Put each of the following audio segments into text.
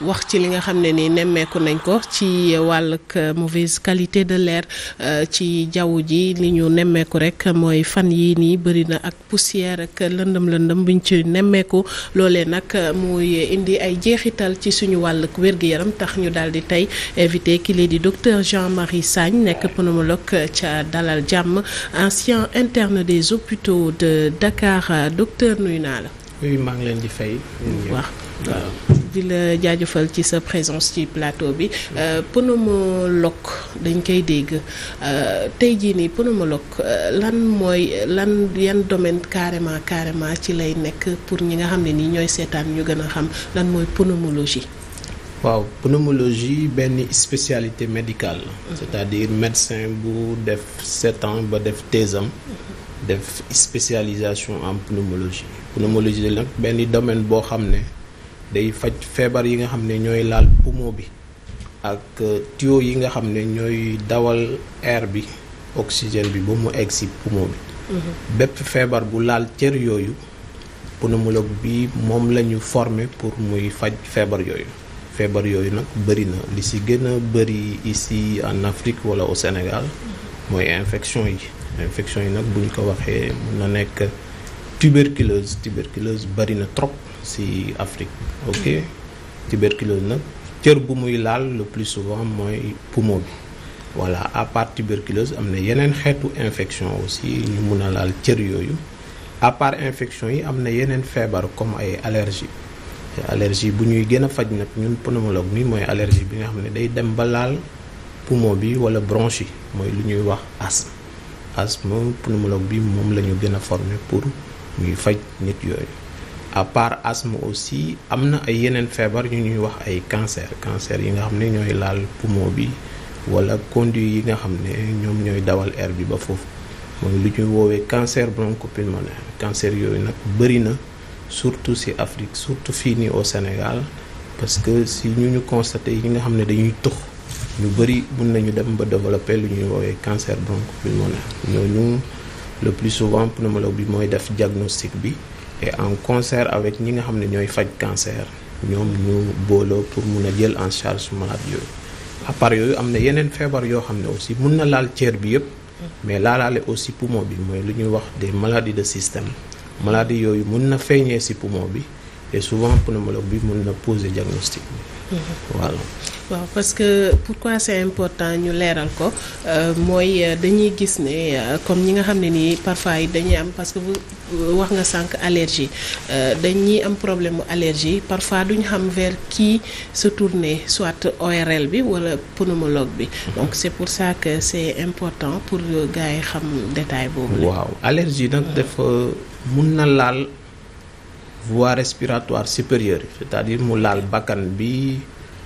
wax ci li nga xam ne ni nemmeeku nañ ko ci wàllug mauvaise qualité de l'air euh, ci jaww ji li ñu nemmeeku rek mooy fan yii nii bëri na ak poussière ak lëndëm lëndëm buñ ci nemmeeku loole nag muy indi ay jeexital ci suñu wàll wér-gu-yaram tax ñu daal di tey invité ki lii di docteur Jean-Marie Sagne nekk pneumologue ca Dalal Jàmm ancien interne des hôpitaux de Dakar docteur nuyu naa la. oui di fay. di la jaajëfal ci sa présence ci plateau bi pneumologue dañ koy dégg euh, tey jii nii pneumologue lan mooy lan yan domaine carrément carrément ci lay nekk pour ñi nga xam ne nii ñooy seetaan ñu gën a xam lan mooy pneumologie. waaw pneumologie benn spécialité médicale la. Mhm. c'est-à-dire médecin bu def sept ans ba def thésam def spécialisation en pneumologie pneumologie nag benn domaine boo xam ne. day faj feebar yi nga xam ne ñooy laal poumon bi ak euh, tuyau yi nga xam ne ñooy dawal air bi oxygène bi ba mu egg si poumon bi mhm. bépp feebar bu laal cër yooyu pneumologue bi moom la ñu former pour muy faj feebar yooyu feebar yooyu nag bëri na li si gën a bëri ici en Afrique wala au Sénégal mooy infection yi infection yi nag buñ ko waxee mun na nekk tuberculose tuberculose bëri na trop si Afrique ok tuberculose nag cër bu muy laal le plus souvent mooy poumon bi wala à part tuberculose am na yeneen xeetu infection aussi ñu mun a laal cër yooyu à part infection yi am na yeneen feebar comme ay allergie allergie bu ñuy gën a faj nag ñun pneumologue ni mooy allergie bi nga xam ne day dem ba laal poumon bi wala bronche yi mooy lu ñuy wax asthme asthme pneumologue bi moom lañu ñu gën a former pour muy faj nit yooyu à part asthme aussi am na ay yeneen feebar yu ñuy wax ay cancer cancer yi nga xam ne ñooy laal poumon bi wala conduit yi nga xam ne ñoom ñooy dawal air bi ba foofu mooy lu ñuy woowee cancer bronchopulmonaire cancer yooyu nag bëri na surtout ci Afrique surtout fii nii au Sénégal parce que si ñu ñu constaté yi nga xam ne dañuy tux ñu bëri mun nañu dem ba développer lu ñuy woowee cancer bronchopulmonaire ñooñu le plus souvent pneumologue bi mooy def diagnostic bi et en concert avec ñi nga xam ne ñooy faj cancer ñoom ñu booloo pour mun a jël en charge su malade yooyu à yooyu am na yeneen feebar yoo xam ne aussi mun na laal cër bi yëpp mais laalaale aussi poumon bi mooy lu ñuy wax de maladies de système maladie yooyu mun na feeñee ci poumon bi et souvent pneumologue bi mun na poser diagnostic bi mm-hmm. voilà waaw parce que pourquoi c'est important ñu leeral ko euh, mooy euh, dañuy gis ne euh, comme ñi nga xam ne nii parfois yi dañuy am parce que wax nga sànq allergie dañuy am problème mu allergie parfois duñu xam vers qui se tourner soit ORL bi wala pneumologue bi donc c'est pour ça que c'est important pour gars yi xam détail boobu. waaw allergie nag dafa mun na laal voie respiratoire supérieure c'est-à-dire mu laal bakkan bi.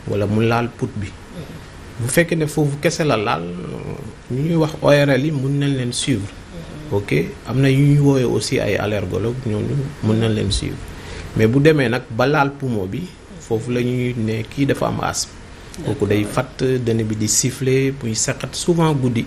wala mu laal put bi bu fekkee ne foofu kese la laal ñu ñuy wax ORL yi mun nañ leen suivre ok am na yu ñu woowee aussi ay allergologue ñooñu mun nañ leen suivre mais bu demee nag ba laal poumon bi foofu la ñuy ne kii dafa am asthme kooku day fatt dana bi di siffler buy saqat souvent guddi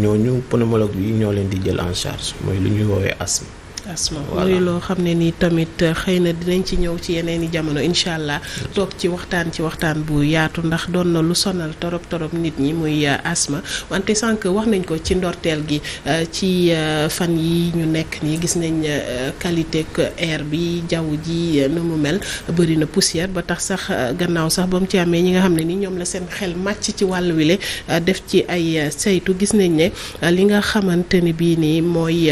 ñoo ñooñu pneumologue yi ñoo leen di jël en charge mooy lu ñuy woowee asthme asma muy loo xam ne ni tamit euh, xëy na dinañ ci ñëw ci yeneen i jamono incha allah toog ci waxtaan ci waxtaan bu yaatu ndax doon na lu sonal torop torop nit ñi muy euh, asma wante sànq wax nañ ko ci ndorteel gi euh, ci fan yi ñu nekk nii gis nañ qualité air bi jaww ji na mu mel bëri na poussière ba tax sax gannaaw sax ba mu ci amee ñi nga xam ne ni ñoom la seen xel màcc ci wàll wile def ci ay saytu gis nañ ne li nga xamante ni bii nii mooy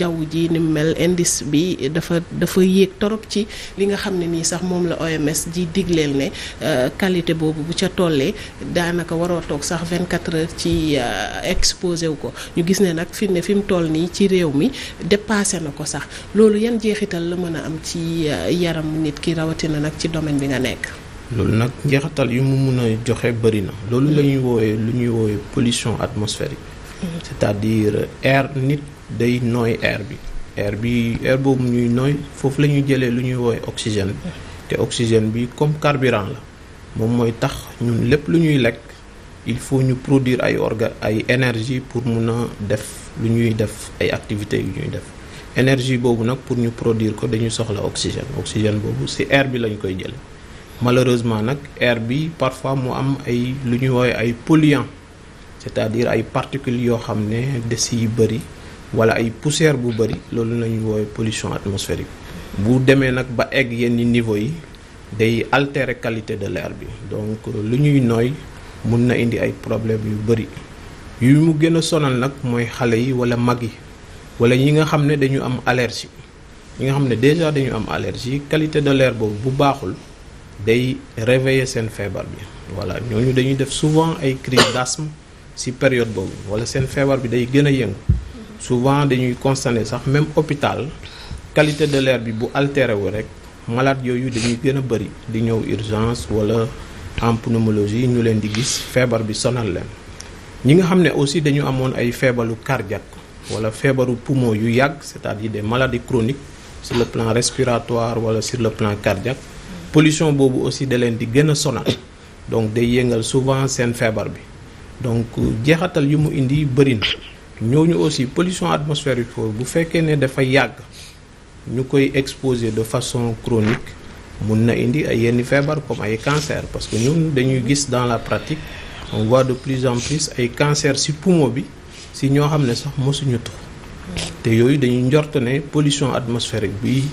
jaww ji ni mu mel indice bi dafa dafa yéeg torop ci li nga xam ne nii sax moom la OMS di digleel ne euh, qualité boobu bu ca tollee daanaka waroo toog sax 24 heures ci euh, exposé wu ko ñu gis ne nag fi ne fi mu toll nii ci réew mi dépassé na ko sax loolu yan jeexital la mën a am ci euh, yaram nit ki rawatina nag ci domaine bi nga nekk. loolu nag njeexital yi mu mun a joxe bari na loolu la ñuy woowee lu ñuy woowee pollution atmosphérique. c'est-à-dire air nit day nooy air bi air bi air boobu ñuy nooy foofu la ñuy jëlee lu ñuy woowee oxygène bi te oxygène bi comme carburant la moom mooy tax lépp lu ñuy lekk il faut ñu produir ay orga ay énergie pour mun a def lu ñuy def ay activités yu ñuy def énergie boobu nag pour ñu produir ko dañu soxla oxygène oxygène boobu si air bi lañ koy jële malheureusement nag air bi parfois mu am ay lu ñuy woowee ay polluants c'est-à-dire ay particules yoo xam ne desi yu bëri wala ay poussière bu bëri loolu la ñuy woowee pollution atmosphérique bu demee nag ba egg yenn niveau yi day altérer qualité de l'air bi donc lu ñuy nooy mun na indi ay problèmes yu bëri yu mu gën a sonal nag mooy xale yi wala mag yi wala ñi nga xam ne dañu am allergie ñi nga xam ne déjà dañu am allergie qualité de l'air boobu bu baaxul day réveiller seen feebar bi voilà ñooñu dañuy def souvent ay crises d'asthme ci période boobu wala seen feebar bi day gën a yëngu souvent dañuy constater sax même hôpital qualité de l'air bi bu altéré wu rek malade yooyu dañuy gën a bëri di ñëw urgence wala en pneumologie ñu leen di gis feebar bi sonal leen ñi nga xam ne aussi dañu amoon ay feebaru cardiaque wala feebaru poumon yu yàgg c'est-à-dire des maladies chroniques sur le plan respiratoire wala sur le plan cardiaque pollution boobu aussi da leen di gën a sonal donc day yëngal souvent seen feebar bi donc jeexatal yu mu indi bëri na ñooñu aussi polition atmosphérique foofu bu fekkee ne dafa yàgg ñu koy exposer de façon chronique mun na indi ay yenn feebar comme ay cancer parce que ñun dañuy gis dans la pratique on voit de plus en plus ay cancer ci poumon bi ci ñoo xam ne sax mosuñu tux mm. te yooyu dañuy njort ne pollution atmosphérique bi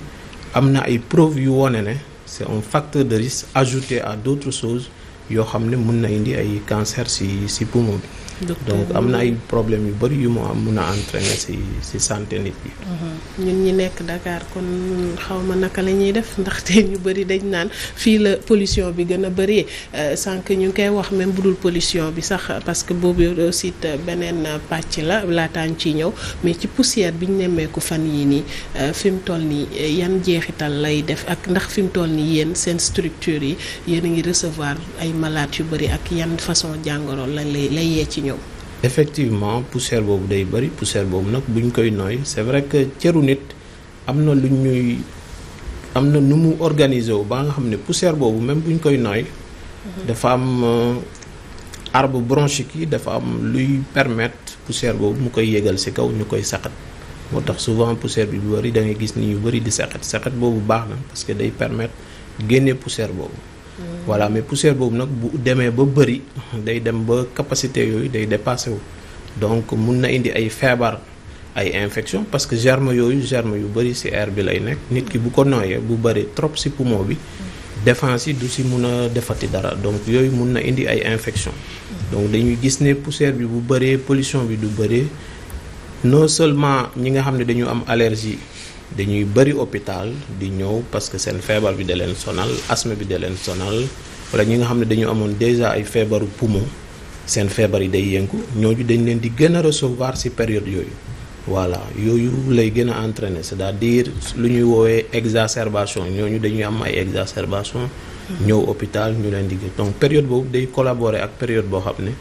am na ay preuves yu wone ne c'est un facteur de risque ajouté à d'autres choses yoo xam ne mun na indi ay cancer ci ci poumon bi donc am na ay problème yu bëri yu mu am mun a entraîner ci ci santé nit mm-hmm. ñun ñi nekk dakaar kon xaw ma naka la ñuy def ndaxte ñu bëri dañ naan fii la polition bi gën a bëree euh, sànq ñu ngi koy wax même bu dul pollution bi sax parce que boobu aussi beneen pàcc la laataan ci ñëw mais ci poussière bi ñu nemmeeku fan yii nii euh, fi mu toll nii yan jeexital lay def ak ndax fi mu toll nii yéen seen structure yi yéen a ngi recevoir ay malaat yu bëri ak yan façon jàngoro lañ lay lay yee ci effectivement poussière boobu day bari poussière boobu nag buñ koy nooy c'est vrai que cëru nit am na lu ñuy am na nu mu organiser wu ba nga xam ne poussière boobu même buñ koy nooy dafa am euh, arbu bronchique yi dafa am luy permettre poussière boobu mu koy yëgal ci kaw ñu koy saqat moo tax souvent poussière bi bu bëri da ngay gis ni ñu bëri di saqat saqat boobu baax na parce que day permettre génnee poussière boobu voilà mais poussière boobu nag bu demee ba bëri day dem ba capacité yooyu day dépassé wu donc mun na indi ay feebar ay infection parce que germe yooyu germe yu bëri ci air bi lay nekk nit ki bu ko nooyee bu bëri trop ci poumon bi défence yi du ci mun a defati dara donc yooyu mun na indi ay infection donc dañuy gis ne poussière bi bu bëree pollution bi du bëree non seulement ñi nga xam ne dañu am allergie dañuy bëri hôpital di ñëw parce que seen feebar bi de leen sonal asthme bi de leen sonal wala ñi nga xam ne dañu amoon déjà ay feebaru poumon seen feebar yi day yëngu ñooñu dañ leen di gën a recevoir ci période yooyu voilà yooyu lay gën a entraîner c'est-à-dire lu ñuy woowee exacerbation ñooñu dañuy am ay exacerbation ñëw hôpital ñu leen di donc période boobu day collaborer ak période boo xam ne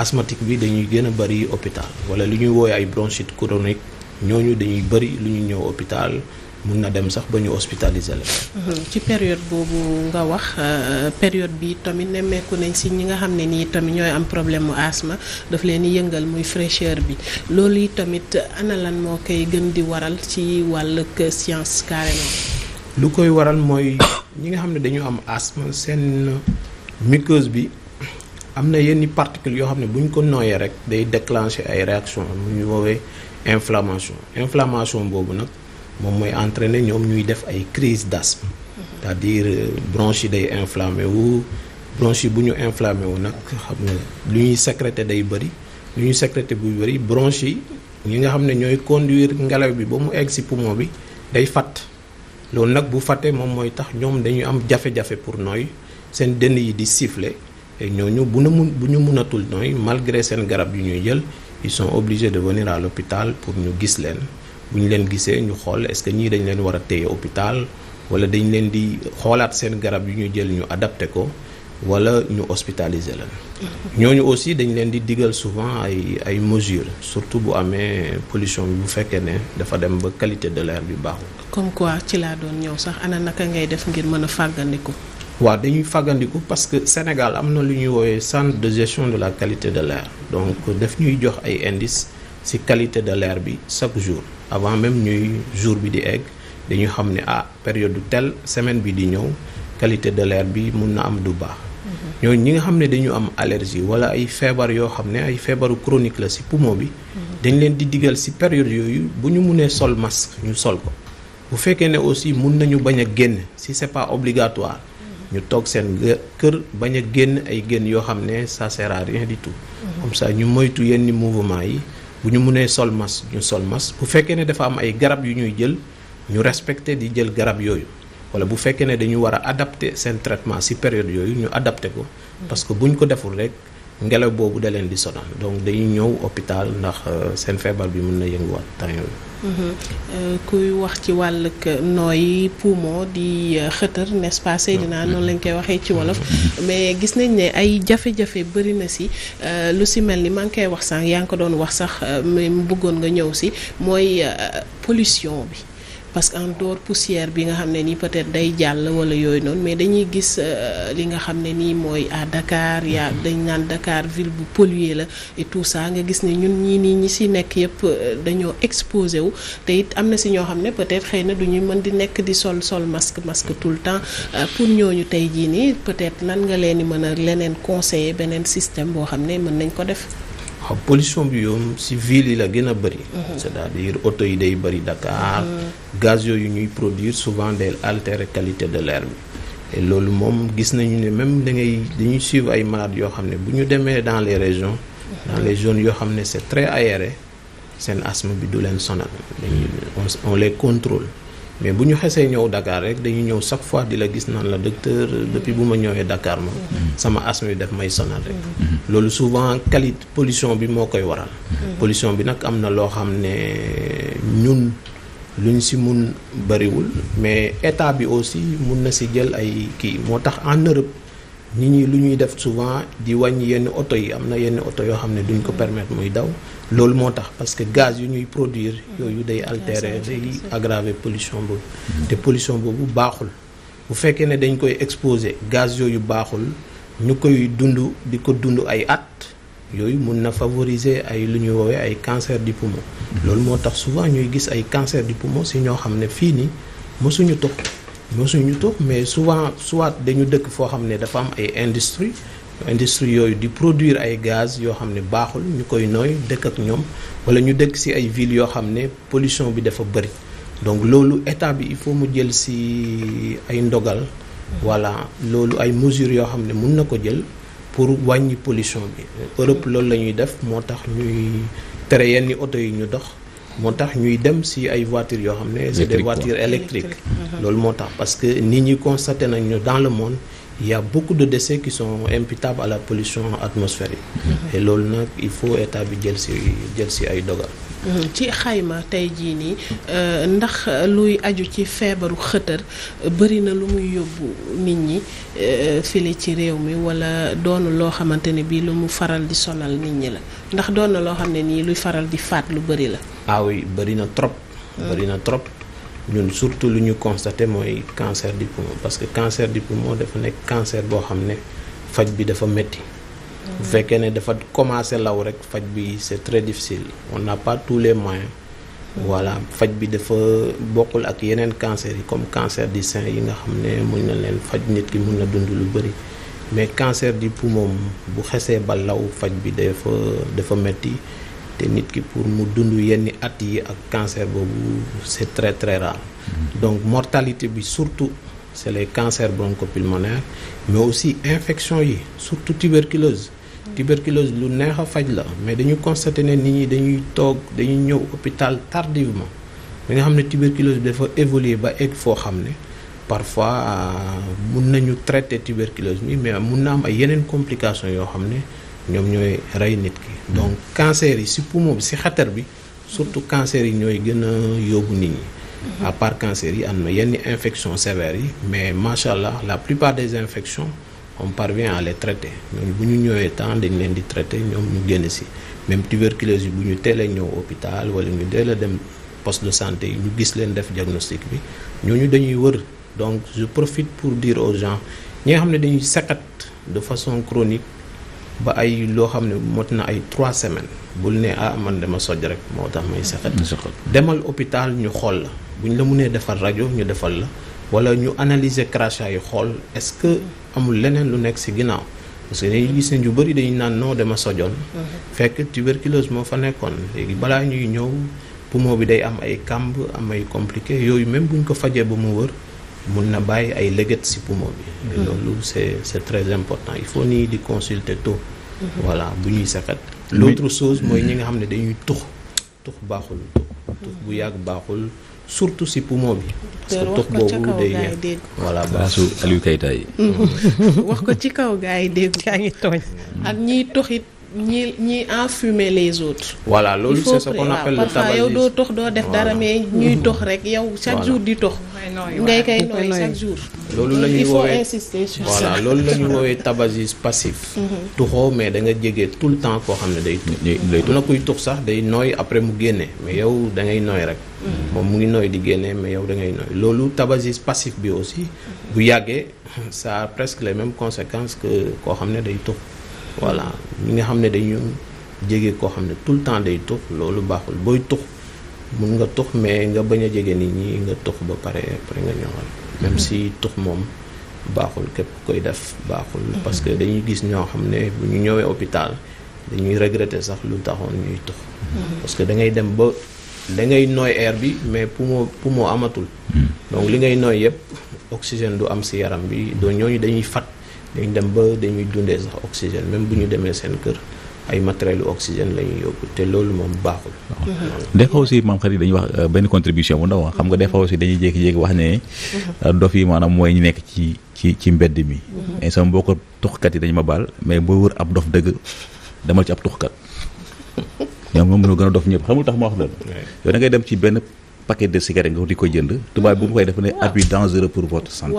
asthmatique bi dañuy gën a bëri hôpital wala lu ñuy woowee ay bronchite chronique ñooñu dañuy bëri lu ñu ñëw hôpital mun na dem sax ba ñu hospitalisé la mhm. ci période boobu nga wax euh, période bi tamit nemmeeku nañ si ñi nga xam ne nii tamit ñooy am problème mu asthme daf leen di yëngal muy fraîcheur bi loolu tamit ana moo koy gën di waral ci wàll science carrément. lu koy waral mooy ñi nga xam ne dañu am asthme seen muqueuse bi am na yenn particules yoo xam ne buñ ko nooyee rek day déclencher ay réaction mu ñu woowee inflammation inflammation boobu nag moom mooy entraîner ñoom ñuy def ay crise das c'est-à-dire euh, bronches yi day inflammé wu bronches yi bu ñu inflammé wu nag xam nga lu ñuy sécréter day bëri lu ñuy sécréter buy bëri bronches yi ñi nga xam ne ñooy conduire ngelaw bi ba mu egg ci poumon bi day fatt loolu nag bu fàttee moom mooy tax ñoom dañuy am jafe-jafe pour nooy seen dënn yi di siffler et ñooñu bu na mun bu ñu munatul nooy malgré seen garab yu ñuy jël ils sont obligés de venir à pour ñu gis leen bu ñu leen gisee ñu xool est-ce que ñii dañ leen war a téye hôpital wala dañu leen di xoolaat seen garab yu ñu jël ñu adapté ko wala ñu hospitaliser leen. ñooñu aussi dañ leen di digal souvent ay ay mesures surtout bu amee pollution bi bu fekkee ne dafa dem ba qualité de l'air bi baaxul. comme quoi ci laa doon ñëw sax ana naka ngay def ngir mën a fàggandiku. waaw dañuy faggandiku parce que Sénégal am na lu ñuy woowee centre de gestion de la qualité de l'air donc def ñuy jox ay indice ci qualité de l'air bi chaque jour avant même ñuy jour bi di egg dañu xam ne ah période du telle semaine bi di ñëw qualité de l'air bi mun na am du baax mhm. ñoo ñi nga xam ne dañu am allergie wala ay feebar yoo xam ne ay feebaru chronique la ci poumon bi mhm. dañ leen di digal ci période yooyu bu ñu munee sol masque ñu sol ko bu fekkee ne aussi mun nañu bañ a génn si c'est pas obligatoire ñu toog seen kër bañ a génn ay génn yoo xam ne ça sert di rien du tout. Mhm. ñu moytu yenn mouvement yi bu ñu munee sol mas ñu sol mas bu fekkee ne dafa am ay garab yu ñuy jël ñu respecté di jël garab yooyu wala bu fekkee ne dañu war a adapté seen traitement ci période yooyu ñu adapté ko mhm. parce que buñ ko deful rek. ngelaw boobu da leen di sonal donc dañu ñëw hôpital ndax euh, seen feebar bi mën na yënguwaat temps yooyu. Mm-hmm. Euh, kuy wax ci wàll wàllug nooy poumon di euh, xëtër n'est-ce pas mm-hmm. noonu lañ koy waxee ci wolof mm-hmm. mais gis nañ ne ay jafe-jafe bëri na si lu si mel ni maa ngi koy wax sànq yaa ngi ko doon wax sax mu bëggoon nga ñëw si mooy pollution bi. parce que en dehors poussière bi nga xam ne nii peut day jàll wala yooy noonu mais dañuy gis euh, li nga xam ne nii mooy à Dakar yaa mm-hmm. dañ naan dakaar ville bu polluée la et tout ça nga gis ne ñun ñii nii ñi si nekk yëpp euh, dañoo exposé wu te it am na si ñoo xam ne peut-être xëy na du ñu mën di nekk di sol sol masque masque tout le temps euh, pour ñooñu tey jii nii peut-être nan nga leen di mën a leneen conseiller beneen système boo xam ne mën nañ ko def waaw pollution bi yoom si ville yi la gën a bëri mhm. c'est-à-dire oto yi day bëri Dakar mhm. gaz yooyu ñuy produire souvent day altérer qualité de l'air bi loolu moom gis nañu ne même da ngay dañuy suivre ay malades yoo xam ne bu ñu demee dans les régions dans les zones yoo xam ne c'est très aéré seen asthme bi du leen sonal on les contrôle mais bu ñu xesee ñëw dakaar rek dañu ñëw chaque fois di la gis naan la docteur depuis bu ma ñëwee Dakar moom mm-hmm. sama asthme bi daf may sonal rek mm-hmm. loolu souvent qualité polition bi moo koy waral mm-hmm. polition bi nag am na loo xam ne ñun lu ñu si mun bëriwul mais état bi aussi mun na si jël ay kii moo tax en Europe nit ñi lu ñuy def souvent di wàññi yenn oto yi am na yenn oto yoo xam ne duñ ko permettre muy daw loolu moo tax parce que gaz yu ñuy produire yooyu day altérer day aggraver pollution boobu te pollution boobu baaxul bu fekkee ne dañ koy exposer gaz yooyu baaxul ñu koy dund di ko dund ay at yooyu mun na favoriser ay lu ñuy woowee ay cancer du poumon loolu moo tax souvent ñuy gis ay cancer du poumon si ñoo xam ne fii nii mosuñu tux mosuñu tux mais souvent soit dañu dëkk foo xam ne dafa am ay industrie industrie yooyu di produire ay gaz yoo xam ne baaxul ñu koy nooy dëkk ak ñoom wala ñu dëkk ci ay villes yoo xam ne pollution bi dafa bëri donc loolu état bi il faut mu jël ci ay ndogal voilà loolu ay mesures yoo xam ne mun na ko jël pour wàññi pollution bi Europe loolu la ñuy def moo tax ñuy tere yenn oto yi ñu dox moo tax ñuy dem ci ay voitures yoo xam ne c'est des voitures électriques loolu moo tax parce que nit ñi constaté nañu dans le monde il y a beaucoup de décès qui sont la polition atmosphérique. yi mhm. loolu nag il faut état bi jël si jël si ay dogal. Mhm. ci xayma tey jii nii euh, ndax luy aju ci feebaru xëtër bëri na lu muy yóbbu nit ñi euh, file ci réew mi wala doonu loo xamante ne bii lu mu faral di sonal nit ñi la ndax doon na loo xam ne nii luy faral di faat lu bëri la. ah oui bëri na trop. bëri na trop. ñun surtout lu ñu constaté mooy cancer du poumon parce que cancer du poumon dafa nekk cancer boo xam ne faj bi dafa metti mm. bu fekkee ne dafa commencé law rek faj bi c'est très difficile on n'a pas tous les moyens mm. voilà faj bi dafa bokkul ak yeneen cancer yi comme cancer du sein yi nga xam ne mu na leen faj nit ki mun na dund lu bëri mais cancer du poumon bu xesee ba law faj bi dafa dafa metti te nit ki pour mu dund yenn at yi ak cancer boobu c'est très très rare mm-hmm. donc mortalité bi surtout c'est les cancers bronchopulmonaires mais aussi infection yi surtout tuberculose tuberculose lu neex a faj la mais dañu constaté ne nit ñi dañuy toog dañuy ñëw hôpital tardivement bi nga xam ne tuberculose bi dafa évoluer ba egg foo xam ne parfois euh, mun nañu traiter tuberculose mi mais mun na am ay yeneen complications yoo xam ne ñoom ñooy rey nit ki donc hmm. cancer yi si poumon bi si xatar bi surtout cancer yi ñooy gën a yóbbu nit ñi hmm. à part cancer yi am na yenn infection sévères yi mais macha allah la plupart des infections on parvient à les traiter ñoom bu ñu ñëwee temps dañ leen di traiter ñoom ñu génn si même tuberculose yi bu ñu teelee ñëw hôpital wala ñu teel a dem poste de santé yi ñu gis leen def diagnostic bi ñooñu dañuy wër donc je profite pour dire aux gens ñi nga xam ne dañuy sakat de façon chronique ba ay loo xam ne mot na ay trois semaines bul ne ah man dama soj rek moo tax may sexat demal hôpital ñu xool la bu ñu la mënee defal rajo ñu defal la wala ñu analyser crachat yi xool est-ce que amul leneen lu nekk ci ginnaaw parce que dañuy gis ne ñu bëri dañu naan non dama sojoon mhm. fekk tuberculose moo fa nekkoon léegi balaa ñuy ñëw poumon bi day am ay kàmb am ay compliqué yooyu même buñ ko fajee ba mu wër mun na bàyyi ay lëgët ci poumon bi mm-hmm. loolu c'est c'est très important il faut nii di consulter tôt mm-hmm. voilà bu ñuy sakat l'autre chose mooy ñi mm-hmm. nga xam ne dañuy tux tux baaxul tux bu yàgg baaxul surtout si poumon bi. parce que boobu day yàq voilà baasu Aliou Keita yi. wax ko ci kaw gaa yi dégg gaa ngi tooñ. ak ñiy toxit ñi ñi enfumer les autres. voilà loolu c'est ce qu'on appelle ah, le yow doo tox doo def dara mais ñuy tox rek yow chaque jour di tox. ngay kay nooy jour. loolu la ñuy woowee voilà loolu la ñuy woowee tabagisme passif. tuxoo mhm. mais da nga jege tout le temps koo xam ne day. day na kuy tux sax day nooy après mu génnee mais yow da ngay nooy rek. Mhm. moom mu ngi nooy di génnee mais yow da ngay nooy loolu tabagis passif bi aussi. bu yàggee ça presque les même conséquence koo xam ne day tux. voilà ñi nga xam ne dañu jege koo xam ne tout le temps day tux loolu baaxul booy tux mun nga tux mais nga bañ a jege nit ñi nga tux ba pare pare nga ñoŋal. même si tux moom baaxul képp koy def baaxul. Mhm. parce que dañuy gis ñoo xam ne bu ñu ñëwee hôpital dañuy regretter sax lu taxoon ñuy tux. Mhm. parce que da ngay dem ba da ngay nooy air bi mais poumon poumon amatul. Mhm. donc li ngay nooy yëpp oxygène du am si yaram bi doo ñooñu dañuy fat dañ dem ba dañuy dundee sax oxygène même bu ñu demee seen kër ay matériel oxygène la ñuy te loolu moom baaxul. des fois aussi maam xarit dañuy wax euh, benn contribution bu ndaw ah. xam nga des fois aussi dañuy jékki-jékki wax ne. Euh, dof yi maanaam mooy ñu nekk ci ci ci mbedd mi. Mhm. et sama mbokku tuxkat yi dañu ma baal mais boo wër ab dof dëgg demal ci ab tuxkat. ñoom moom mënoo gën a dof ñëpp xamul tax ma wax loolu. yow da ngay dem ci benn. paquet de cigarette nga di ko jënd tubaab bu mu koy def ne at bi dangereux pour votre santé.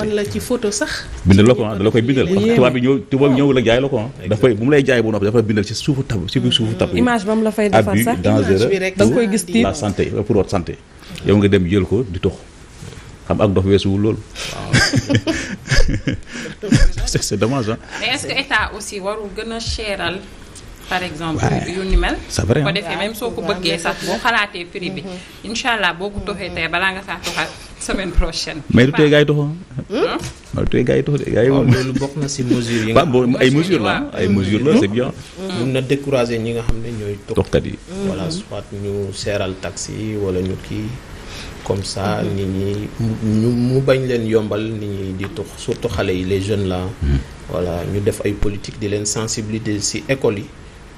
bindal la ko ah da la koy bindal. tubaab bi ñëw tubaab bi ñëw la jaay la ko ah. dafay bu mu lay jaay bu noppi bindal ci suufu tab ci biir suufu tab. image ba mu la fay defar sax dangereux pour la santé pour votre santé. yow aussi warul gën a par exemple yu ni mel. soo ko bëggee sax boo xalaatee prix bi. Mm-hmm. incha allah boo ko toxee tey balaa nga saa toxal semaine prochaine. mais du hmm? ah, tey gars yi toxoo. mais du tey gars yi toxoo de gars ay mesures la mm-hmm. ay mesures la c'est mm-hmm. mun na décourager ñi nga xam ne ñooy. toxkat yi. voilà soit ñu seeral taxi wala ñu kii. comme ça nit ñi mu bañ leen yombal nit ñi di tux surtout xale yi les jeunes la voilà ñu def ay politique di leen sensibilité ci école yi.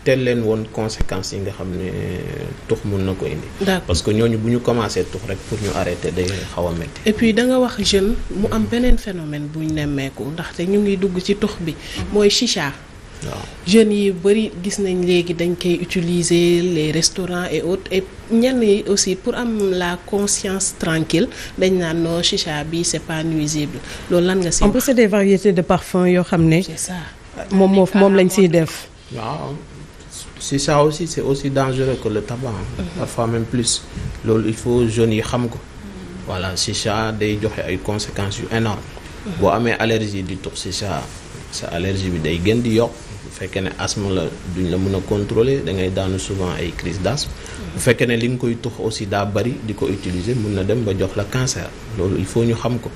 teel leen woon conséquence yi nga xam ne euh, tux mun na ko indi. parce que ñooñu bu ñu commencé tux rek pour ñu arrêter day xaw a et puis danga wax jeune mu am beneen phénomène bu ñu nemmeeku ndaxte ñu ngi dugg ci tux bi mooy chicha. waaw jeunes yi bëri gis nañ léegi dañ koy utiliser les restaurants et autres et yi aussi pour am la conscience tranquille dañ naan noo chicha bi c'est pas nuisible loolu lan nga si. en plus c'est des variétés de parfums yoo xam ne. c'est ça moom moom lañ siy def. si ça aussi c'est aussi ko que le tabac mhm. parfois même plus loolu il faut jeunes yi xam ko mhm. voilà chicha day joxe ay conséquences yu énorme mhm. boo amee allergie di tux chicha sa allergie bi day gën di yokk bu fekkee ne asthme la duñ la mën a contrôler da ngay daanu souvent ay crise d'asthme bu fekkee ne li nga koy tux aussi daa bari di ko utiliser mun na dem ba jox la cancer loolu il faut ñu xam ko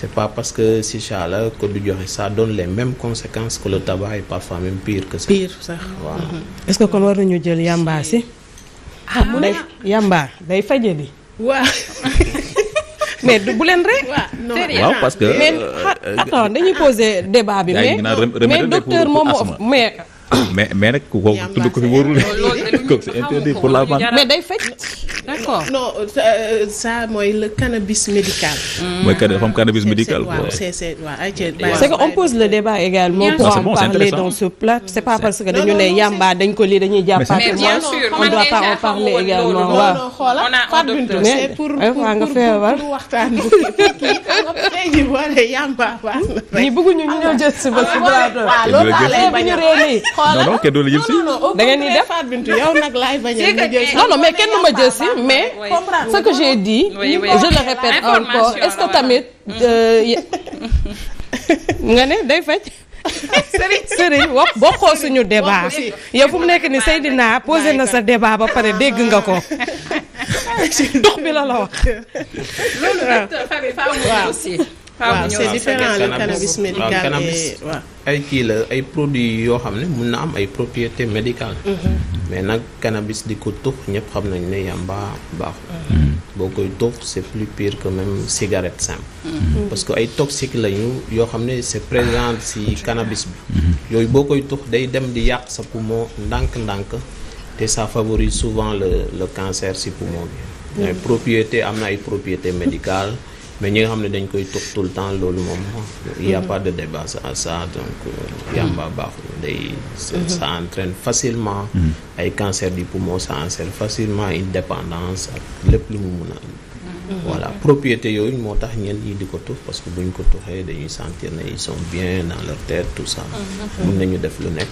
c'est pas parce que chicha la ko du joxe ça donne les mêmes conséquences que le tabac parfois même pire que ça. pire sax waaw. est-ce war nañu jël yamba si. ah mu day yamba day faje bi. waaw. mais bu leen rek. waaw parce que. mais euh, dañuy poser débat bi. mais mais docteur moom mais. mais mais nag tudd ko fi wóorul. loolu c'est interdit pour la vente. mais day faj. d'accord non euh, ça mooy le cannabis médical. Mm. mooy cannabis cannabis médical quoi. c'est c'est c'est qu'on pose le débat également. pour en parler dans ce mais bien sûr jël si ba si plateau. loolu laa a la jël si. da ngeen a non non mais kenn ma jël si mais ce que j'ai dit je le répète encore est-ce tamit euh, nga ne day faj sëriñ sëriñ wax bokkoo suñu débat yow fu mu nekk ni Seydina posé na sa débat ba pare dégg nga ko dox bi la la wax waaw c'est différent le cannabis médical cannabis ay kii la ay produits yoo xam ne mun na am ay propriétés médicales. Mhm. mais nag cannabis di ko tux ñëpp xam nañ ne yamba baaxul. Mhm. boo koy tux c'est plus pire que même cigarette simple. Mhm. parce que ay toxiques lañu yoo xam ne c'est président ci cannabis bi. yooyu boo koy tux day dem di yàq sa poumon ndànk-ndànk te ça favorise souvent le le cancer ci poumon bi. mais propriété am na ay propriétés médicales. mais ñi nga xam ne dañ koy tux tout le temps loolu moom il y a pas de débat à ça donc euh, yàmba mm. baaxul day mm-hmm. ça entraîne facilement mm. ay cancer du poumon ça entraîne facilement une ak lépp lu mu mun a mm-hmm. voilà propriété yooyu moo tax ñenn yi di ko tux parce que bu ñu ko tuxee dañuy sentir na ils sont bien dans leur tête tout ça mën mm-hmm. nañu def lu nekk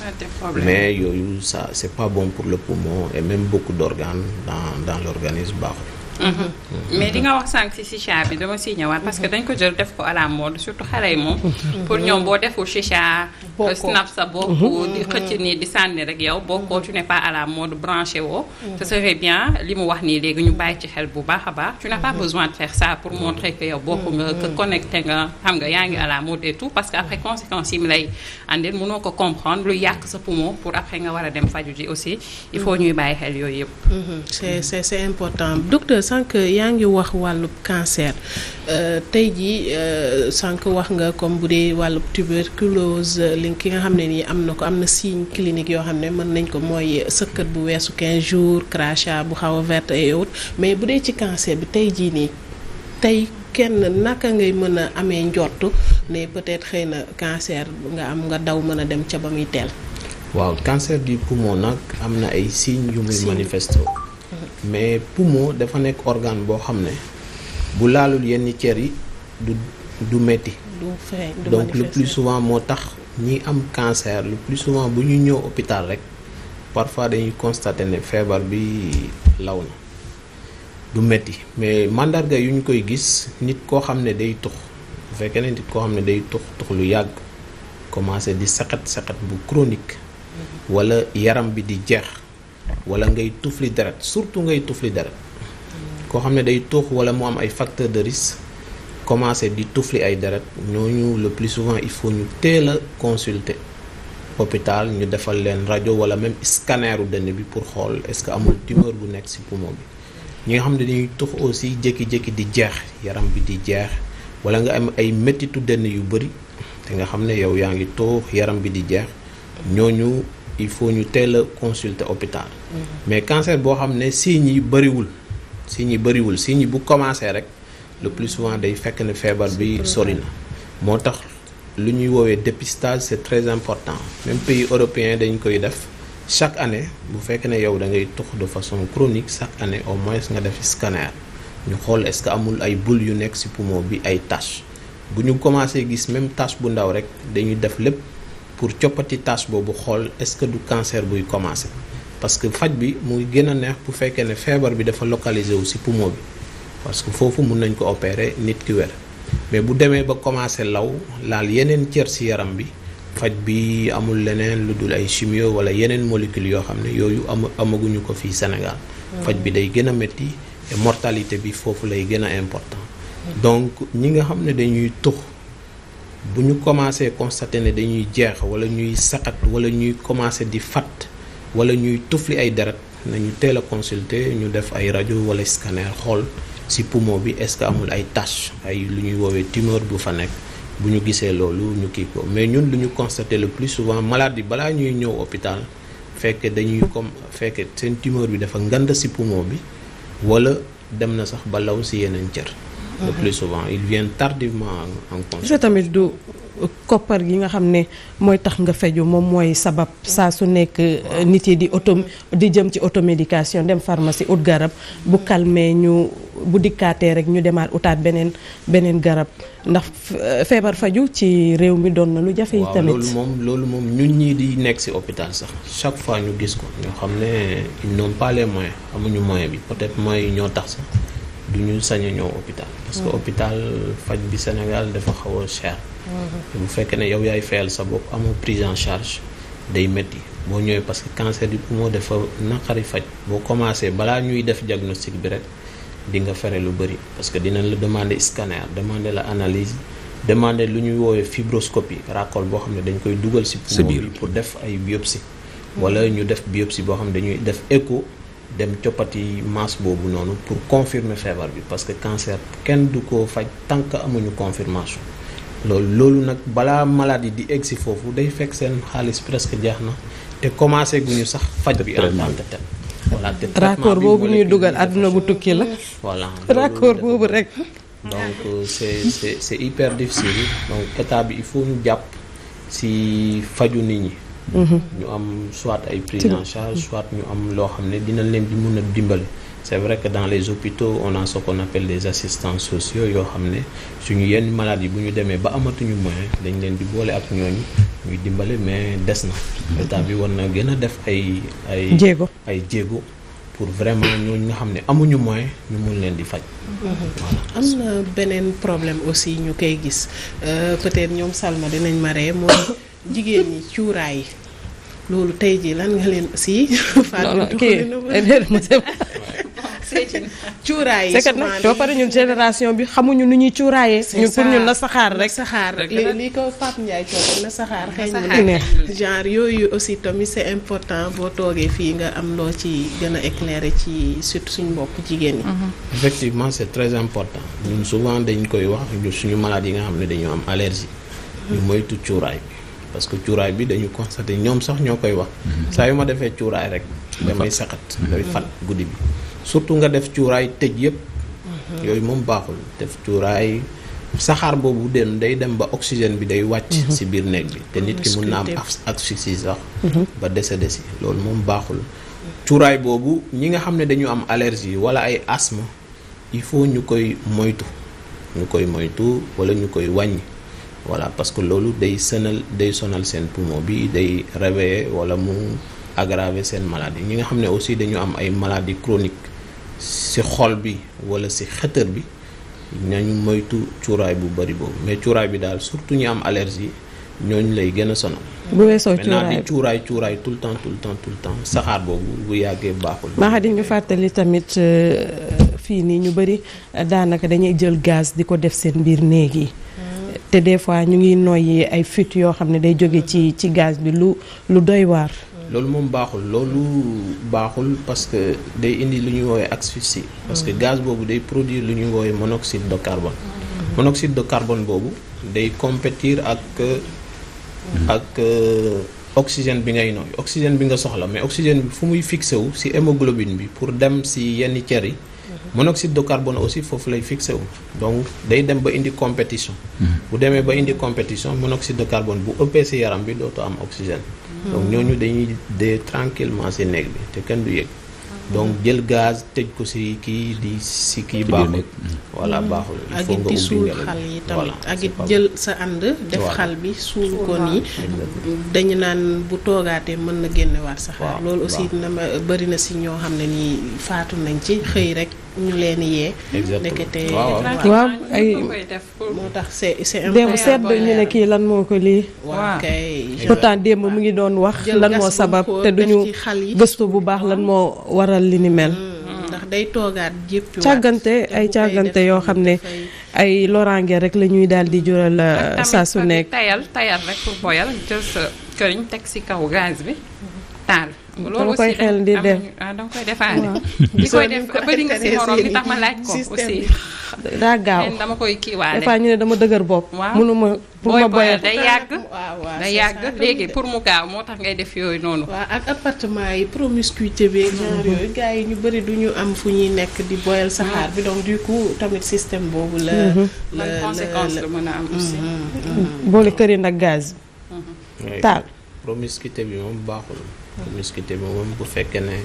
mais yooyu sa c'est pas bon pour le poumon et même beaucoup d'organes dans dans l'organisme baaxul Mm-hmm. mais di nga wax sànq si chicha bi dama siy ñëwaat parce que dañ ko jël def ko à la mode surtout xale yi moom. pour ñoom boo deful chicha. snap sa bopp mm-hmm. di xëcc nii di sànni rek yow bokkoo tu n'es pas à la mode branché woo. Mm-hmm. ce serait bien li mu wax nii léegi ñu bàyyi ci xel bu baax a baax. tu n'as pas besoin de faire ça pour montrer que yow bokk nga que connecté nga xam nga yaa ngi à la mode et tout parce que après conséquences yi mu lay andil mënoo ko comprendre lu yàq sa poumon pour après nga war a dem faju ji aussi il faut ñuy bàyyi xel yooyu yëpp. sànq yaa ngi wax wàllub cancer euh, tey jii euh, sànq wax nga comme bu dee wàllub tuberculose euh, li ki nga xam ne nii am na ko am na signe clinique yoo xam ne mën nañ ko mooy sëkkat bu weesu 15 jours crachat bu xaw a vert et autres mais bu dee ci cancer bi tey jii nii tey kenn naka ngay mën a amee njort ne peut-être xëy na cancer nga am nga daw mën a dem ca ba muy teel. waaw cancer du poumon nag am na ay signes yu muy manifesto mais poumon dafa nekk organe boo xam ne bu laalul yenn cër yi du du metti donc le plus souvent moo tax ñi am cancer le plus souvent bu ñu ñëw hôpital rek parfois dañuy constater ne feebar bi law na du metti mais màndarga yu ñu koy gis nit koo xam ne day tux bu fekkee ne nit koo xam ne day tux tux lu yàgg commencé di saxat saxat bu chronique mm-hmm. wala yaram bi di jeex wala ngay tufli deret surtout ngay tufli deret koo xam ne day tuux wala mu am ay facteur de risque commencé di tufli ay deret ñooñu le plus souvent il faut ñu teel a consulter hôpital ñu defal leen rajo wala même scanneru dënn bi pour xool est-ce que amul tumeur bu nekk ci poumon bi ñi nga xam ne dañuy tux aussi jékki-jékki di jeex yaram bi di jeex wala nga am ay méttitu dënn yu bëri te nga xam ne yow yaa ngi tuux yaram bi di jeex ñooñu il faut ñu teel a consulter hôpital mm-hmm. mais cancer boo xam ne signes yi bëriwul signes yi bëriwul signes bu commencé rek le plus souvent day fekk ne feebar bi sori na moo tax lu ñuy woowee dépistage c'est très important même pays européen dañ koy def chaque année bu fekkee ne yow da ngay tux de façon chronique chaque année au moins nga def scanner ñu xool est que amul ay boules yu nekk ci poumon bi ay taches bu ñu commencé gis même tache bu ndaw rek dañuy def lépp pour coppati tache boobu xool est-ce que du cancer buy commencer parce que faj bi mu ngi gën a neex bu fekkee ne feebar bi dafa localisé wu ci poumon bi parce que foofu mun nañ ko opérer nit ki wér mais bu demee ba commencer law laal yeneen cër ci yaram bi faj bi amul leneen lu dul ay chimio wala yeneen molécules yoo xam ne yooyu ama amaguñu ko fii Sénégal hmm. faj bi day gën a métti et mortalité bi foofu lay gën a important donc ñi nga xam ne dañuy tux bu ñu commencé constater ne dañuy jeex wala ñuy saxat wala ñuy commencé di fat wala ñuy tufli ay deret nañu teel a consulter ñu def ay rajo wala scanner xool ci poumon bi est-ce que amul ay tache ay lu ñuy woowee tumeur bu fa nekk bu ñu gisee loolu ñu kii ko mais ñun lu ñu constater le plus souvent malade balaa ñuy ñëw hôpital fekke dañuy comme fekke seen tumeur bi dafa ngande ci poumon bi wala dem na sax ba law ci yeneen cër. le plus souvent ils viennent tardivement en conscience tamit du koppar gi nga xam ne mooy tax nga feju moom mooy sabab saa su nekk euh, nit yi di auto di jëm ci automédication dem pharmacie ut garab bu calmé ñu bu dikkaatee rek ñu demaat utaat beneen beneen garab ndax euh, feebar faju ci réew mi doon na lu jafe yi tamit loolu moom loolu moom ñu ñii di nekk si hôpital sax chaque fois ñu gis ko ñoo xam ne ils n'ont pas les amuñu moyen bi peut-être moyens yi ñoo tax sax du ñu sañ ñëw hôpital parce que mm. hôpital faj bi Sénégal dafa xaw a cher mm-hmm. bu fekkee ne yow yaay fayal sa bopp amoo prise en charge day métti boo ñëwee parce que cancer du moo defa naqari faj boo commencé balaa ñuy def diagnostic bi rek di nga fere lu bëri parce que dinañ la demander scanner demander la analyse demande lu ñuy woowee fibroscopie racole boo xam ne dañ koy dugal si poumon bi pour def ay biopsie mm-hmm. wala ñu def biopsie boo xam ne dañuy def écho dem coppati masse boobu noonu pour confirmer feebar bi parce que cancer kenn du ko faj tànk amuñu confirmation loolu loolu nag balaa maladie di egg si foofu day fekk seen xaalis presque jeex na te commencé guñu sax faj bi en tant que tel boobu ñuy dugal àdduna bu tukki la voilà raccord boobu rek donc c'est c'est c'est hyper difficile donc état bi il faut ñu jàpp si faju nit ñi ñu am soit ay prise en charge soit ñu am loo xam ne dinañ leen di mun a dimbali c'est vrai que dans les hôpitaux on a ce qu'on appelle des assistants sociaux yoo xam ne suñu yenn maladie bu ñu demee ba amatuñu moyen dañ leen di boole ak ñooñu ñuy dimbale mais des na état bi war na gën a def ay ay jéego ay jéego pour vraiment ñooñu nga xam ne amuñu moyen ñu mun leen di faj. am na beneen problème aussi ñu koy gis euh, peut-être ñoom Salma dinañ maree mooy jigéen ñi cuuraay loolu tey jii lan nga leen aussi. Fatou eh, cuuraay yi na doo pare ñu génération bi xamuñu ni ñuy cuuraayee. ñun pour ñun na saxaar rek. saxaar rek li ko Pape njaay coono na saxaar. xëy na genre yooyu aussi tamit c'est important boo toogee fii nga am loo ci gën a éclairer ci surtout suñu mbokk jigéen ñi. Mhm. effectivement c'est très important ñun souvent dañ koy wax suñu malade yi nga xam ne dañoo am allergie. ñu moytu cuuraay parce que cuuraay bi dañu constaté ñoom sax ñoo koy wax mhm. saa yu ma defee cuuraay rek damay saxat mhm. damay fat guddi bi surtout nga def cuuraay tëj yëpp mhm. yooyu moom baaxul def cuuraay saxaar boobu dem day dem ba oxygène bi day wàcc si biir néeg bi te nit ki mun na am asphyxie sax ba décédé si loolu moom baaxul cuuraay boobu ñi nga xam ne dañu am allergie wala ay asthme il faut ñu koy moytu ñu koy moytu wala ñu koy wàññi voilà parce que loolu day sënal day sonal seen poumon bi day réveiller wala mu aggraver seen maladie ñi nga xam ne aussi dañu am ay maladie cronique ci xol bi wala ci xëtër bi nañu moytu cuuraay bu bari boobu mais cuuraay bi daal surtout ñu am allergie ñooñu lay gën a sonal. bu weesoo cuuraay di tout le temps tout le temps tout le temps saxaar bu baaxul. maa di ñu fàttali tamit euh, fii nii ñu bari daanaka dañuy jël gaz di ko def seen biir néeg yi. te des fois ñu ngi noyyi ay fuites yoo xam ne day jóge ci ci gaz bi lu lu doy waar. loolu moom baaxul loolu baaxul parce que day indi lu ñuy woowee asphyxie. parce que gaz boobu day produire lu ñuy woowee monoxyde de carbon monoxyde de carbone boobu day compétir ak ak euh, oxygène bi ngay nooy oxygène bi nga soxla mais oxygène bi fu muy fixé wu ci hémoglobine bi pour dem ci yenn cër yi. monoxyde de carbone aussi foofu lay fixé wu donc day dem ba indi compétition hmm. bu demee ba indi compétition monoxyde de carbone bu ëppee si yaram bi dootu am oxygène donc ñooñu dañuy dee tranquillement si néeg bi te kenn du yëg donc mm. jël gaz tëj ko si kii di si kii baaxul. Mm. voilà baaxul il faut ak it di suul xal yi tamit ak it jël sa ànd. def xal bi suul ko nii. dañu naan bu toogaatee mën na génnewaat sa xar loolu aussi na ma bëri na si ñoo xam ne nii faatu nañ ci mm. xëy rek ñu leen yee. nekkete waaw ay moo tax c'est c'est important ñu ne kii lan moo ko lii. waaw kay pourtant démb mu ngi doon wax lan moo sabab te duñu gëstu bu baax lan moo war li ni mm. ndax day toogaat jépp càggante ay càggante yoo xam ne ay loraange rek la ñuy daal di jural euh, saa su nekk. tayal teg ci kaw gaz bi dama koy xel di def ah, dama koy defaale. di koy def bëri nga si morom li tax ma laaj dama koy kiiwaale. des fois ne dama dëgër bopp. waaw mënuma pour ma boyal day yàgg. day léegi pour mu gaaw moo tax ngay def yooyu noonu. waaw ak appartement yi promiscuité beeg. Mm-hmm. yi ñu bëri du ñu am fu ñuy nekk di boyal saxaar bi mm-hmm. donc du coup tamit système boobu la. Mm-hmm. mën a am aussi. boole kër yi nag gaz. taal bi promiscuité boobu bu fekkee ne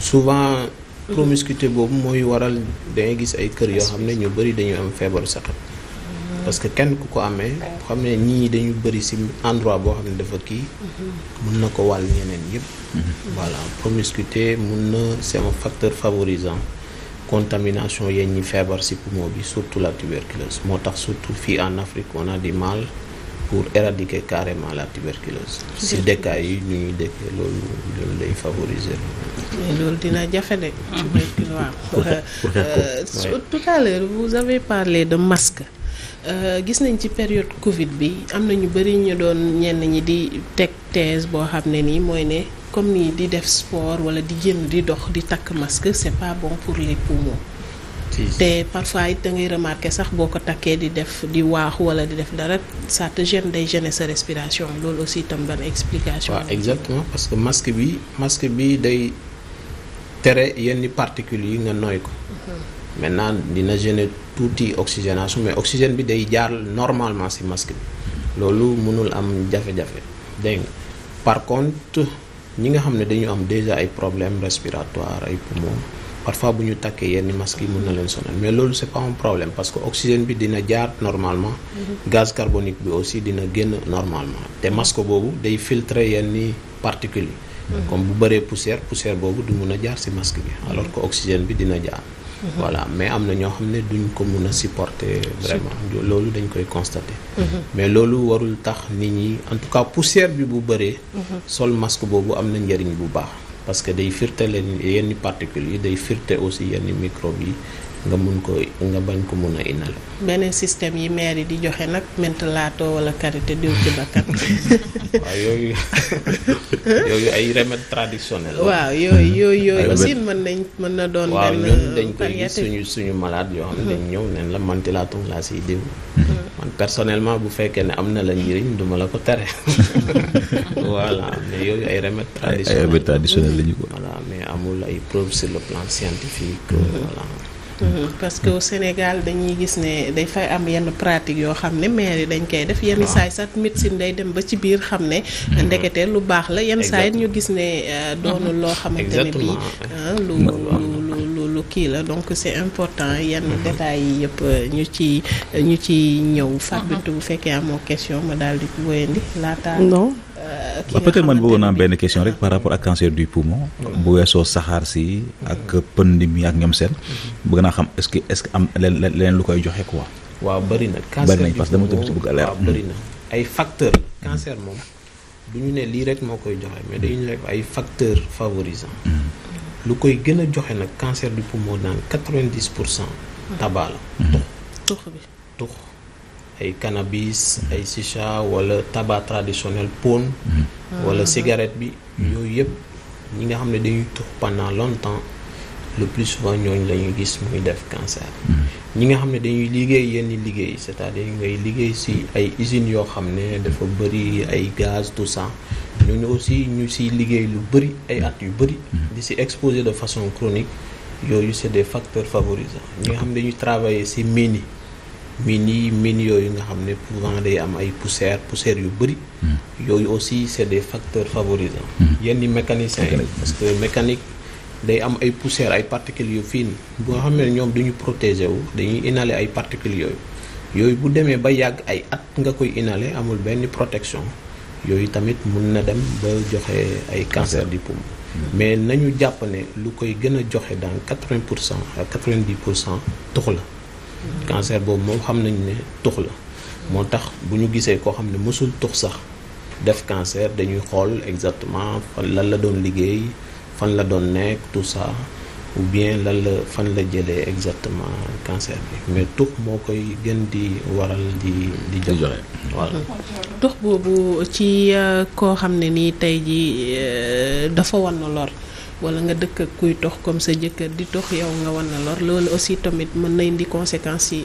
souvent promiscuité boobu mooy waral dangay gis ay kër yoo xam ne ñu bëri dañuy am feebaru saxat parce que kenn ku ko amee xam ne ñii dañu bëri si endroit boo xam ne dafa kii mun na ko wàll ñeneen yëpp voilà promiscuité mun na c'est un facteur favorisant contamination yeen ñi feebar ci poumon bi surtout la tuberculose moo tax surtout fii en Afrique on a du mal pour éradiquer carrément la tuberculose. si dëkkaay yi ñuy dëkkee loolu loolu lay favoriser. loolu dina jafe de. waaw euh, euh, tout à l'heure vous avez parlé de masque. Euh, gis nañ ci période Covid bi am na ñu bëri ñu doon ñenn ñi di teg thèse boo xam ne nii mooy ne comme nii di def sport wala di génn di dox di takk masque c'est pas bon pour les poumons. te parfois it da ngay remarqué sax boo ko takkee di def di waaxu wala di def dara ça te gêne day gêner sa respiration loolu aussi itam ban explication. exactement parce que masque bi masque bi day tere yenn particules yi nga nooy ko. Mhm. maintenant dina gêner tuuti oxygénation mais oxygène bi day jaar normalement ci masque bi loolu mënul am jafe-jafe dégg nga par contre ñi nga xam ne dañu am déjà ay problèmes respiratoires ay poumons. parfois bu ñu takkee yenn masques yi mën na leen sonal mais loolu c'est pas un problème parce que oxygène bi dina jaar normalement mm-hmm. gaz carbonique bi aussi dina génn normalement te mm-hmm. masque boobu day filtrer yenn particules yi mm-hmm. comme bu bëree poussière poussière boobu du mun a jaar ci masque bi alors que oxygène bi dina jaar voilà mais am na ñoo xam ne duñ ko mun a supporter vraiment loolu dañ koy constater mais loolu warul tax nit ñi en tout cas poussière bi bu bëree sol masque boobu am na njëriñ bu baax parce que day firte leen yenn particules yi day firte aussi yenn microbe yi nga mun ko nga bañ ko mun a inal beneen système yi mair yi di joxe nag ment laato wala karité diw ci bakkan waaw yooyu yooyu ay remède traditionnel waaw yooyu yooyu yooyu aussi mën nañ mën na doon benn waaw ñun dañ koy gis suñu suñu malade yoo xam ne mhm. dañ ñëw nen la mantilaatum laa siy diw mhm. man personnellement bu fekkee ne am na la njëriñ duma la ko tere voilà mais yooyu ay remèdes traditionnels ay remèdes traditionnels lañu ko voilà mais amul ay preuves sur le plan scientifique mm-hmm. voilà mm-hmm. parce que au Sénégal dañuy gis ne day fay am yenn pratique yoo xam ne maire yi dañ koy def yenn saay sax médecine day dem ba ci biir xam ne mm-hmm. ndekete lu baax la yenn saay ñu gis ne euh, doonul loo xamante ne bii lu kii la donc c'est important yenn mhm. détails yi yëpp euh, ñu ci ñu ci ñëw mhm. fàbbitu bu fekkee amoo question ma daal di wéyandi laata non euh, peut-être man bëggoon naa benn question rek par rapport ak cancer du poumon bu weesoo saxaar si ak mhm. pënd mi ak ñoom seen bëgg naa xam est que est-ce que am leneen lu koy joxe quoi waaw bëri na cancer nañ parce que dama tamit bëgg a leer na ay facteurs la cancer ñu ne lii rek moo koy joxe mais dañu ne ay facteurs favorisants lu koy gën a joxe nag cancer du poumon dans quatre-vingt-dix pour cent tabac la mhm. tux ay cannabis mhm. ay chicha wala tabac traditionnel pone mhm. wala ah, ah. cigarette bi yooyu yëpp ñi nga xam ne dañuy tux pendant longtemps le plus souvent ñooñu la ñuy gis muy def cancer ñi nga xam ne dañuy liggéey yenn liggéey c'est-à-dire ngay liggéey ci ay usines yoo xam ne dafa bëri ay gaz tout ça ñooñu aussi ñu siy liggéey lu bëri ay at yu bëri. Mm-hmm. di si exposé de façon chronique yooyu c' est des facteurs favorisants ñi nga xam ne dañuy travailler si mini yi mine yi mine yooyu nga xam ne souvent day am ay poussière poussière yu bëri. Mm-hmm. yooyu aussi c' est des facteurs favorisants. Mm-hmm. yenn mécaniciens yi parce que mécanique day am ay poussière ay particules yu fii nii bu nga xam ne ñoom duñu protéger wu dañuy inhaler ay particules yooyu yooyu bu demee ba yàgg ay at nga koy inhaler amul benn protection. yooyu tamit mun na dem ba joxe ay cancer du poumon hmm. mais nañu jàpp ne lu koy gën a joxe dans quatre-vingt pour cent ak quatre-vingt-dix pour cent tux la hmm. cancer boobu moom xam nañu ne tux la moo tax bu ñu gisee koo xam ne mosul tux sax def cancer dañuy xool exactement fan lan la doon liggéey fan la doon nekk tout ça ou bien lan la fan la jëlee exactement cancer bi mais tux moo koy gën di waral di di joxe tux boobu ci euh, koo xam ne nii tey ji euh, dafa wan na lor wala nga dëkk ak kuy tox comme sa jëkkër di tox yow nga wan na lor loolu aussi tamit mën na indi conséquences yi.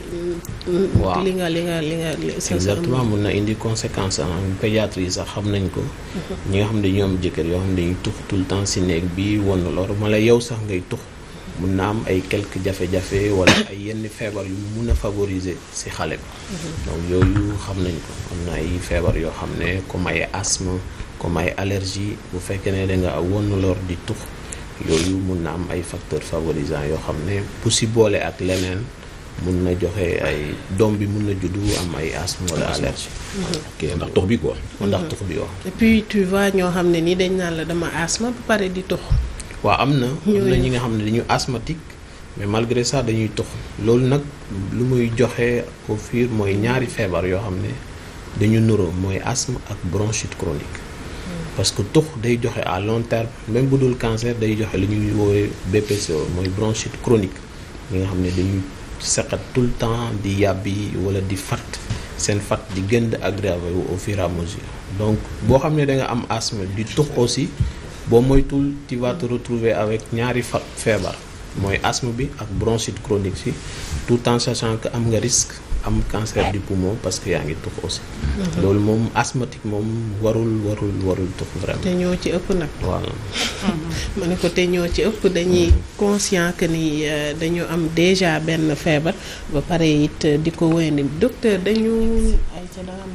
waaw li nga li nga li nga. exactement mën na indi conséquence en pédiatrie yi sax xam nañ ko. Mhm. ñi nga xam ne ñoom jëkkër yoo xam ne ñu tux tout le temps si néeg bi wan na lor wala yow sax ngay tux. mun na am ay quelques jafe-jafe wala ay yenn feebar yu mun a favoriser si xale bi mhm. donc yooyu xam nañ ko am na ay feebar yoo xam ne comme ay asthme comme ay allergie bu fekkee ne da nga wonn lor di tux yooyu mun na am ay facteur favorisants yoo xam ne bu si boole ak leneen mun na joxe ay doom bi mun na juddu am ay asthme wala allergie. Mhm. ndax tux bi quoi. ndax mhm. tux bi waaw. et puis tu vois ñoo xam ne nii dañ naan la dama asthme ba pare di tux. waaw am na. ñu na ñi nga xam ne dañuy asthmatique. mais malgré ça dañuy tux loolu nag lu muy joxe au mooy ñaari feebar yoo xam ne dañu nuroo mooy asthme ak bronchite chronique. Hmm. parce que tux day joxe à long terme même bu dul cancer day joxe li ñuy woowee BPCO mooy bronchite chronique ñi nga xam ne dañu seqat tout le temps di yàbbi wala di fat seen fat di gën di aggravé wu au fur et à mesure donc boo xam ne danga am asthme di tux aussi. boo moytul tu vas te retrouver avec ñaari fa feebar mooy asthme bi ak bronchite chronique si tout en sachant que am nga risque am cancer du poumon parce que yaa ngi tux aussi. loolu moom asthmatique moom warul warul warul tux vraiment. te ñoo ci ëpp nag. waaw. ma ne ko te ñoo ci ëpp dañuy mm-hmm. conscient que ni euh, dañu am déjà benn feebar ba pare it euh, di ko wéyandi docteur dañu. ay ca da am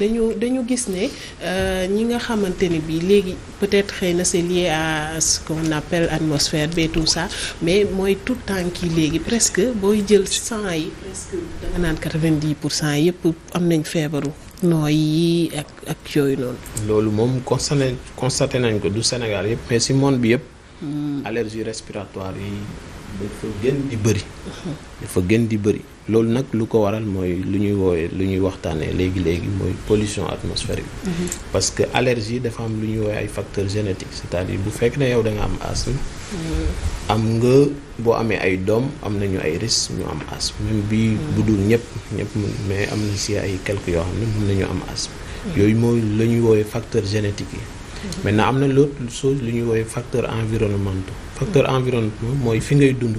mm-hmm. gis ne euh, ñi nga xamante ni bii léegi peut-être xëy na c'est lié à ce qu'on appelle atmosphère bi mais mooy tout temps kii léegi presque booy jël sang yi danga naan quatre-vingt-dix pour cent yëpp am nañ feebaru nooy yi ak ak yooyu noonu. loolu moom constaté constaté nañ ko du Sénégal yëpp mais si monde bi yëpp. Hmm. allergie respiratoire yi dafa gën di bëri. dafa gën di bëri. loolu nag lu ko waral mooy lu ñuy woowee lu ñuy waxtaanee léegi léegi mooy pollution atmosphérique. Mhm. parce que allergie dafa am lu ñuy woowee ay facteurs génétiques c'est-à-dire bu fekk ne yow da am asthme. am nga boo amee ay doom am nañu ay risques ñu am asthme même bii bu dul ñëpp ñëpp mais am na si ay quelques yoo xam ne mën nañu am asthme yooyu mooy la ñuy woowee facteur génétique yi na am na l'autre chose lu ñuy woowee facteur environnementaux facteur environnementaux mooy fi ngay dund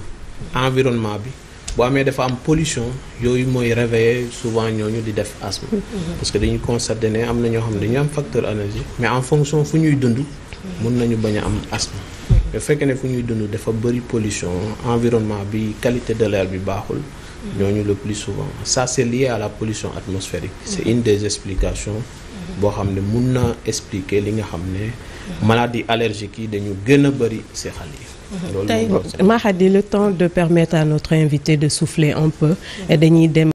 environnement bi bu amee dafa am pollution yooyu mooy réveiller souvent ñoo ñu di def asthme parce que dañuy constater ne am na ñoo xam ne dañu am facteur allergique mais en fonction fu ñuy dund mun nañu bañ a am asthme bu fekkee ne fu ñuy dund dafa bëri pollution environnement bi qualité de l'air bi baaxul. ñooñu le plus souvent ça c'est lié à la pollution atmosphérique. Mm-hmm. c'est une des explications. Mm-hmm. boo xam ne mun na expliquer li nga xam ne. maladies allergiques yi dañu gën a bëri si xale yi. Mm-hmm. tey Mahady le temps de permettre à notre invité de souffler un peu dañuy dem.